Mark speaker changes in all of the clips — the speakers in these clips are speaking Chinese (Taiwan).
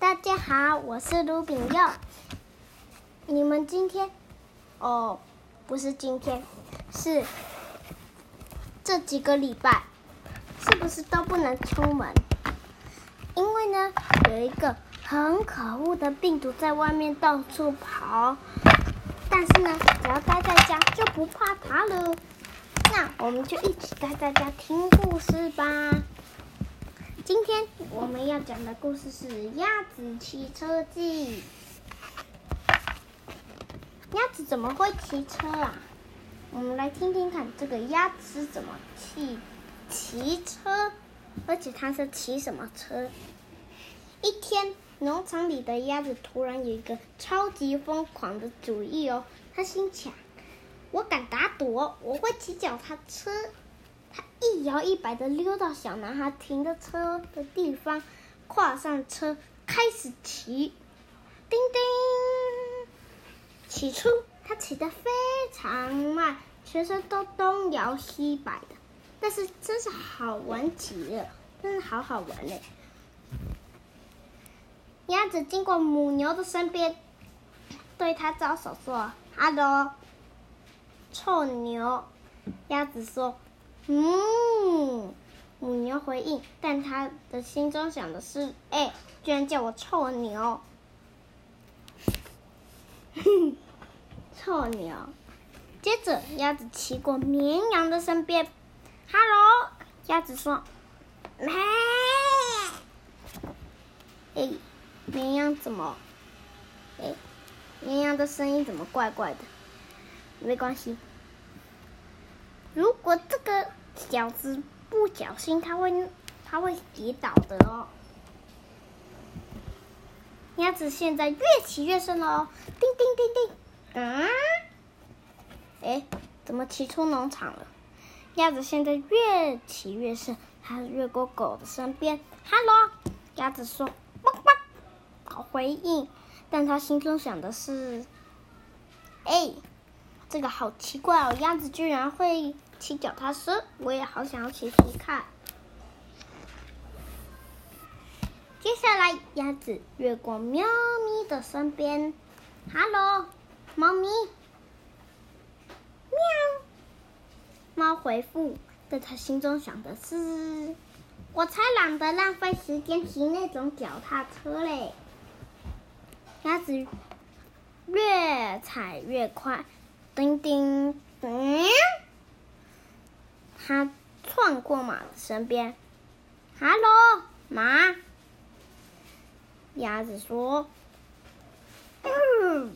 Speaker 1: 大家好，我是盧炳佑。你們今天，哦，不是今天，是這幾個禮拜，是不是都不能出門？因為呢，有一個很可惡的病毒在外面到處跑。但是呢，只要待在家就不怕它了。那我們就一起待在家聽故事吧。今天我們要講的故事是《鴨子騎車記》。鴨子怎麼會騎車啊？我們來聽聽看這個鴨子怎麼騎騎車，而且它是騎什麼車？一天，農場裡的鴨子突然有一個超級瘋狂的主意哦，它心想：“我敢打賭，我會騎腳踏車。”他一搖一擺的溜到小男孩停的車的地方，跨上車開始騎。叮叮，起初他騎的非常慢，全身都東搖西擺的，但是真是好玩極了，真是好好玩嘞、欸。鴨子經過母牛的身邊，對它招手說：“哈嘍，臭牛。”鴨子說。嗯，母牛回應，但他的心中想的是：“哎、欸，居然叫我臭牛，哼， 臭牛！”接着，鴨子騎過綿羊的身邊，“Hello！” 鴨子說：“咩！”哎，綿羊怎麼？哎，綿羊的聲音怎麼怪怪的？沒關係，如果這個。小子不小心，他會他會跌倒的哦。鴨子現在越騎越順了哦，叮叮叮叮。嗯，哎，怎麼騎出農場了？鴨子現在越騎越順，還是越過狗的身邊。Hello，鴨子說：“汪汪。”狗回應，但它心中想的是：“哎，這個好奇怪哦，鴨子居然會。”騎腳踏車，我也好想要騎騎看。接下來，鴨子越過喵咪的身邊，“Hello，貓咪。”“喵。”貓回覆，在它心中想的是：“我才懶得浪費時間騎那種腳踏車嘞。”鴨子越踩越快，叮叮，嗯。他竄過馬的身邊，“哈嘍，馬！”鴨子說。嗯，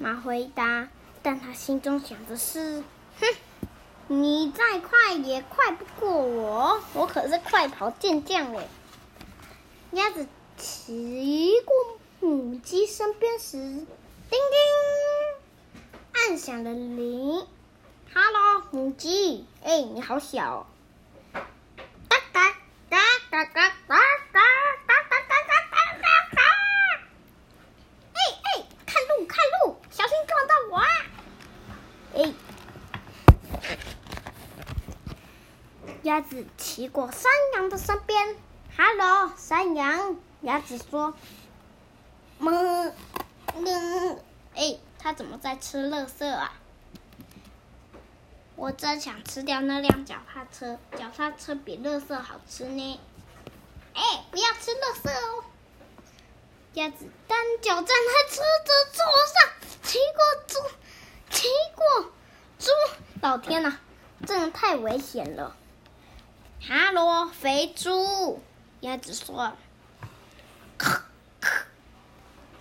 Speaker 1: 馬回答，但他心中想的是：“哼，你再快也快不過我，我可是快跑健將哎。”鴨子騎過母雞身邊時，叮叮，按響了鈴。哈嘍，母雞，哎、欸，你好小、哦嘎嘎嘎嘎嘎嘎嘎！嘎嘎嘎嘎嘎嘎嘎嘎嘎嘎嘎，嘎！哎、欸、哎、欸，看路看路，小心撞到我啊！哎、欸，鴨子騎過山羊的身邊。哈嘍，山羊，鴨子說：“麼、嗯、麼，哎、嗯，它、欸、怎麼在吃垃圾啊？”我真想吃掉那輛腳踏車，腳踏車比垃圾好吃呢。哎、欸，不要吃垃圾哦！鴨子單腳站在車的座上，騎過豬，騎過豬，老天吶、啊，真的太危險了！哈嘍，肥豬！鴨子說了：“咳咳，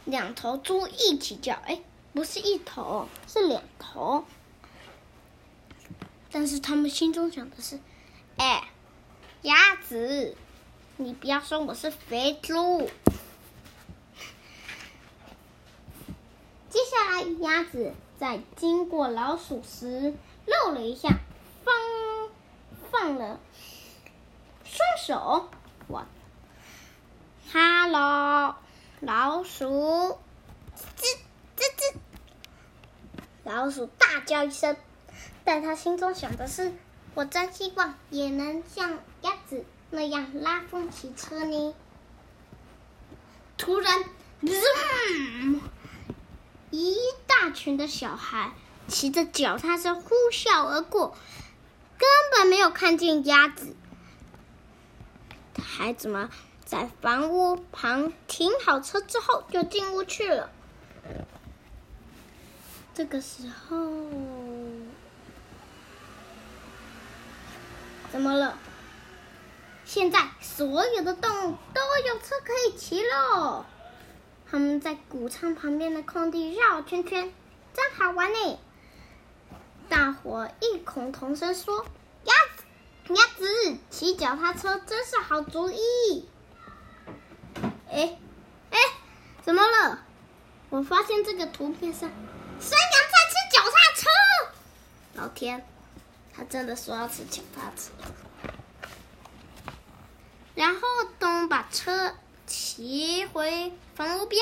Speaker 1: 兩頭豬一起叫，哎、欸，不是一頭，是兩頭。”但是他們心中想的是：“哎，鴨子，你不要說我是肥豬。”接下來，鴨子在經過老鼠時露了一下，放放了雙手，我哈嘍，Hello, 老鼠，吱吱吱。吱吱”老鼠大叫一聲。但他心中想的是：「我真希望也能像鴨子那樣拉風騎車呢。」突然，一大群的小孩騎着腳踏車呼嘯而過，根本沒有看見鴨子。孩子們在房屋旁停好車之後，就進屋去了。這個時候。怎麼了？現在所有的動物都有車可以騎嘍！他們在谷倉旁邊的空地繞圈圈，真好玩呢！大夥異口同聲說：“鴨子，鴨子騎腳踏車真是好主意！”哎，哎，怎麼了？我發現這個圖片上山羊在吃腳踏車！老天！他真的說要騎腳踏車，然後等把車騎回房屋邊。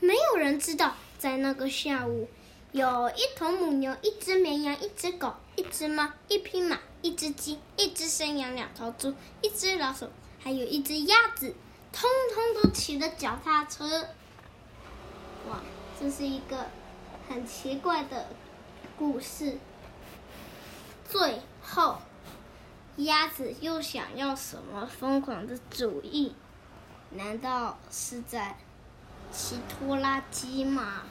Speaker 1: 沒有人知道，在那個下午，有一頭母牛、一隻綿羊、一只狗、一只貓、一匹馬、一匹馬、一只雞、一只山羊、兩頭豬、一只老鼠，還有一只鴨子，通通都騎着腳踏車。哇，這是一個很奇怪的故事。最後，鴨子又想要什麼瘋狂的主意？難道是在騎拖拉機嗎？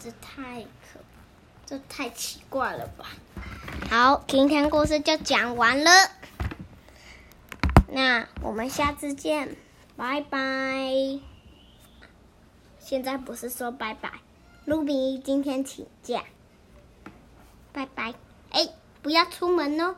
Speaker 1: 這太可怕，這太奇怪了吧！好，今天故事就講完了。那我們下次見，拜拜。現在不是說拜拜，盧比今天請假，拜拜。哎。不要出門哦。